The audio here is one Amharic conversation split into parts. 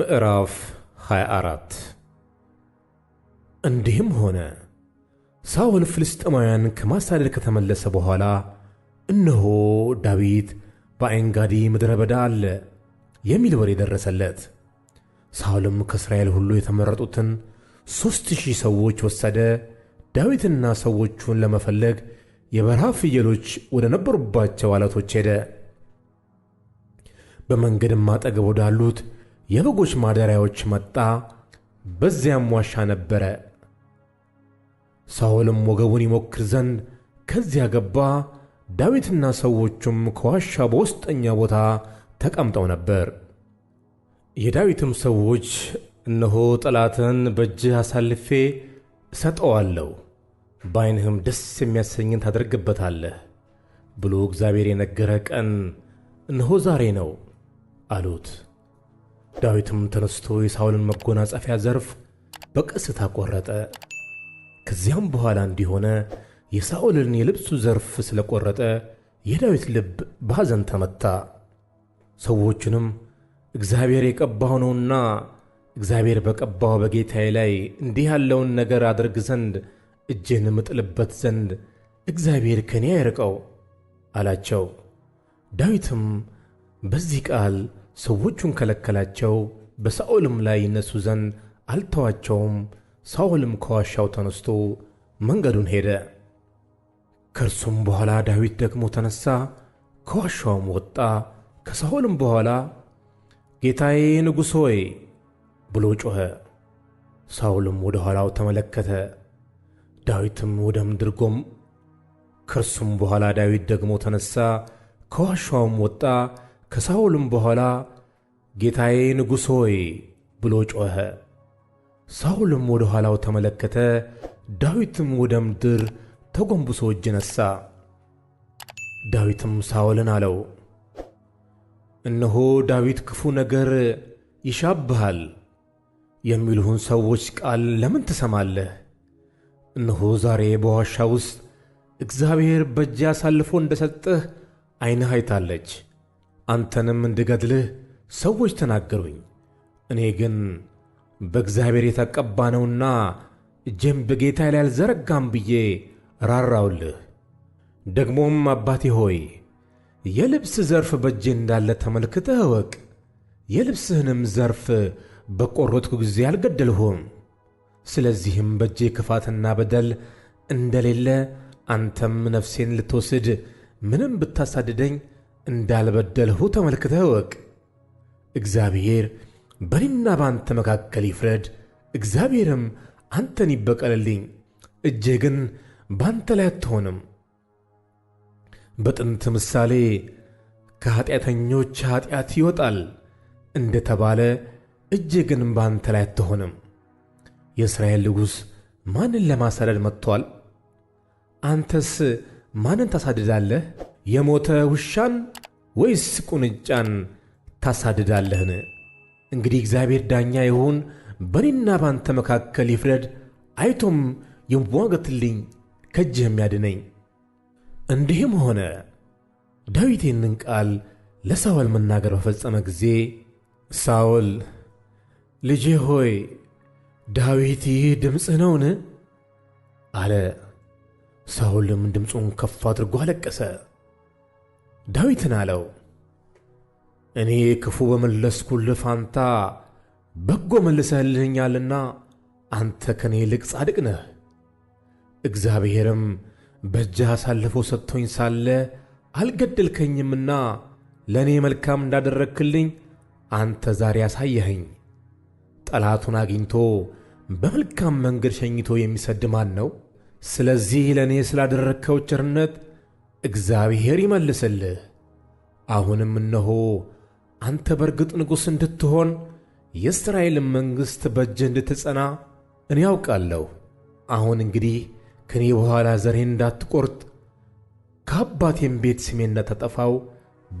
ምዕራፍ 24 እንዲህም ሆነ ሳውል ፍልስጥኤማውያን ከማሳደድ ከተመለሰ በኋላ፣ እነሆ ዳዊት በዓይንጋዲ ምድረ በዳ አለ የሚል ወሬ ደረሰለት። ሳውልም ከእስራኤል ሁሉ የተመረጡትን ሦስት ሺህ ሰዎች ወሰደ። ዳዊትና ሰዎቹን ለመፈለግ የበረሃ ፍየሎች ወደ ነበሩባቸው ዓለቶች ሄደ። በመንገድም አጠገብ ወዳሉት የበጎች ማደሪያዎች መጣ፣ በዚያም ዋሻ ነበረ። ሳኦልም ወገቡን ይሞክር ዘንድ ከዚያ ገባ። ዳዊትና ሰዎቹም ከዋሻ በውስጠኛ ቦታ ተቀምጠው ነበር። የዳዊትም ሰዎች እነሆ ጠላትን በእጅህ አሳልፌ እሰጠዋለሁ፣ በዓይንህም ደስ የሚያሰኝን ታደርግበታለህ ብሎ እግዚአብሔር የነገረ ቀን እነሆ ዛሬ ነው አሉት። ዳዊትም ተነስቶ የሳውልን መጎናጸፊያ ዘርፍ በቀስታ ቆረጠ። ከዚያም በኋላ እንዲሆነ የሳኦልን የልብሱ ዘርፍ ስለቆረጠ የዳዊት ልብ በሐዘን ተመታ። ሰዎቹንም እግዚአብሔር የቀባው ነውና እግዚአብሔር በቀባው በጌታዬ ላይ እንዲህ ያለውን ነገር አድርግ ዘንድ እጄን ምጥልበት ዘንድ እግዚአብሔር ከኔ አይርቀው አላቸው። ዳዊትም በዚህ ቃል ሰዎቹን ከለከላቸው። በሳኦልም ላይ ይነሱ ዘንድ አልተዋቸውም። ሳኦልም ከዋሻው ተነስቶ መንገዱን ሄደ። ከእርሱም በኋላ ዳዊት ደግሞ ተነሣ፣ ከዋሻውም ወጣ። ከሳኦልም በኋላ ጌታዬ ንጉሥ ሆይ ብሎ ጮኸ። ሳኦልም ወደ ኋላው ተመለከተ፣ ዳዊትም ወደ ምድር ጎም። ከእርሱም በኋላ ዳዊት ደግሞ ተነሣ፣ ከዋሻውም ወጣ ከሳውልም በኋላ ጌታዬ ንጉሥ ሆይ ብሎ ጮኸ። ሳውልም ወደ ኋላው ተመለከተ፣ ዳዊትም ወደ ምድር ተጎንብሶ እጅ ነሣ። ዳዊትም ሳውልን አለው፣ እነሆ ዳዊት ክፉ ነገር ይሻብሃል የሚሉህን ሰዎች ቃል ለምን ትሰማለህ? እነሆ ዛሬ በዋሻ ውስጥ እግዚአብሔር በእጅ አሳልፎ እንደ ሰጠህ ዓይንህ አይታለች። አንተንም እንድገድልህ ሰዎች ተናገሩኝ። እኔ ግን በእግዚአብሔር የተቀባ ነውና እጄም በጌታ ላይ አልዘረጋም ብዬ ራራውልህ። ደግሞም አባቴ ሆይ የልብስ ዘርፍ በእጄ እንዳለ ተመልክተህ እወቅ። የልብስህንም ዘርፍ በቈረጥኩ ጊዜ አልገደልሁም። ስለዚህም በእጄ ክፋትና በደል እንደሌለ አንተም ነፍሴን ልትወስድ ምንም ብታሳድደኝ እንዳልበደልሁ ተመልክተህ እወቅ። እግዚአብሔር በእኔና በአንተ መካከል ይፍረድ፣ እግዚአብሔርም አንተን ይበቀልልኝ፣ እጄ ግን በአንተ ላይ አትሆንም። በጥንት ምሳሌ ከኃጢአተኞች ኃጢአት ይወጣል እንደተባለ እጄ ግን በአንተ ላይ አትሆንም። የእስራኤል ንጉሥ ማንን ለማሳደድ መጥቷል? አንተስ ማንን ታሳድዳለህ? የሞተ ውሻን ወይስ ቁንጫን ታሳድዳለህን? እንግዲህ እግዚአብሔር ዳኛ ይሁን፣ በእኔና ባንተ መካከል ይፍረድ፣ አይቶም ይሟገትልኝ፣ ከእጅህም ያድነኝ። እንዲህም ሆነ ዳዊት ይህንን ቃል ለሳኦል መናገር በፈጸመ ጊዜ ሳኦል ልጄ ሆይ ዳዊት ይህ ድምፅህ ነውን? አለ። ሳኦልም ድምፁን ከፍ አድርጎ አለቀሰ። ዳዊትን አለው፣ እኔ ክፉ በመለስኩልህ ፋንታ በጎ መልሰህልኛልና አንተ ከኔ ይልቅ ጻድቅ ነህ። እግዚአብሔርም በእጅህ አሳልፎ ሰጥቶኝ ሳለ አልገደልከኝምና ለእኔ መልካም እንዳደረግክልኝ አንተ ዛሬ አሳየኸኝ። ጠላቱን አግኝቶ በመልካም መንገድ ሸኝቶ የሚሰድ ማን ነው? ስለዚህ ለእኔ ስላደረግከው ቸርነት እግዚአብሔር ይመልስልህ። አሁንም እነሆ አንተ በርግጥ ንጉሥ እንድትሆን የእስራኤልን መንግሥት በእጅህ እንድትጸና እኔ ያውቃለሁ። አሁን እንግዲህ ከኔ በኋላ ዘሬን እንዳትቈርጥ ከአባቴም ቤት ስሜ እንዳታጠፋው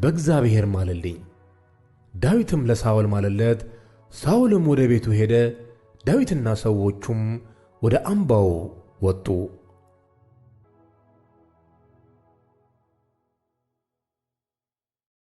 በእግዚአብሔር ማልልኝ። ዳዊትም ለሳውል ማለለት። ሳውልም ወደ ቤቱ ሄደ፣ ዳዊትና ሰዎቹም ወደ አምባው ወጡ።